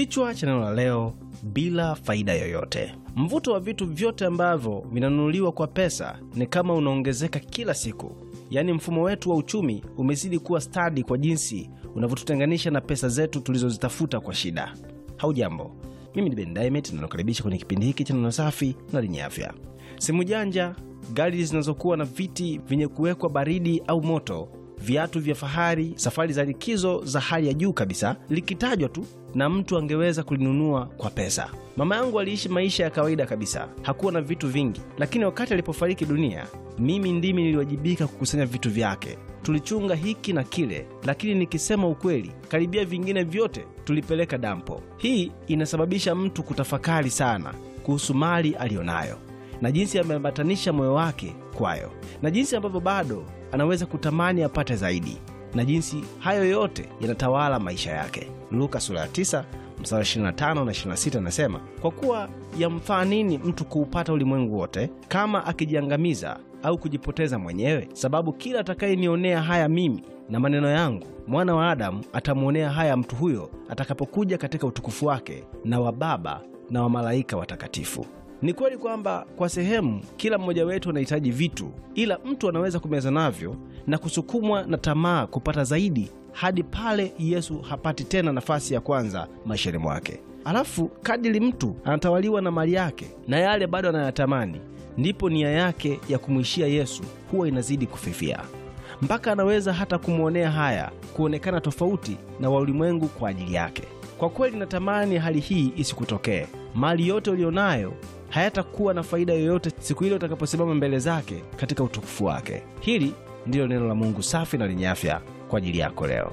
Kichwa cha neno la leo, bila faida yoyote. Mvuto wa vitu vyote ambavyo vinanunuliwa kwa pesa ni kama unaongezeka kila siku. Yaani, mfumo wetu wa uchumi umezidi kuwa stadi kwa jinsi unavyotutenganisha na pesa zetu tulizozitafuta kwa shida. Haujambo, mimi ni Ben Diamond na nakaribisha kwenye kipindi hiki cha neno safi na lenye afya. Simu janja, gari zinazokuwa na viti vyenye kuwekwa baridi au moto viatu vya fahari, safari za likizo za hali ya juu kabisa, likitajwa tu na mtu angeweza kulinunua kwa pesa. Mama yangu aliishi maisha ya kawaida kabisa, hakuwa na vitu vingi, lakini wakati alipofariki dunia, mimi ndimi niliwajibika kukusanya vitu vyake. Tulichunga hiki na kile, lakini nikisema ukweli, karibia vingine vyote tulipeleka dampo. Hii inasababisha mtu kutafakari sana kuhusu mali aliyonayo na jinsi ameambatanisha moyo wake kwayo na jinsi ambavyo bado anaweza kutamani apate zaidi na jinsi hayo yote yanatawala maisha yake. Luka sura ya 9 mstari 25 na 26 anasema, kwa kuwa yamfaa nini mtu kuupata ulimwengu wote kama akijiangamiza au kujipoteza mwenyewe? Sababu kila atakayenionea haya mimi na maneno yangu, mwana wa Adamu atamwonea haya mtu huyo atakapokuja katika utukufu wake na wa Baba na wa malaika watakatifu. Ni kweli kwamba kwa sehemu kila mmoja wetu anahitaji vitu, ila mtu anaweza kumeza navyo na kusukumwa na tamaa kupata zaidi hadi pale Yesu hapati tena nafasi ya kwanza maishani mwake. Alafu kadiri mtu anatawaliwa na mali yake na yale bado anayatamani, ndipo nia yake ya kumwishia Yesu huwa inazidi kufifia mpaka anaweza hata kumwonea haya kuonekana tofauti na wa ulimwengu kwa ajili yake. Kwa kweli natamani hali hii isikutokee. Mali yote uliyo nayo hayatakuwa na faida yoyote siku ile utakaposimama mbele zake katika utukufu wake. Hili ndilo neno la Mungu safi na lenye afya kwa ajili yako leo.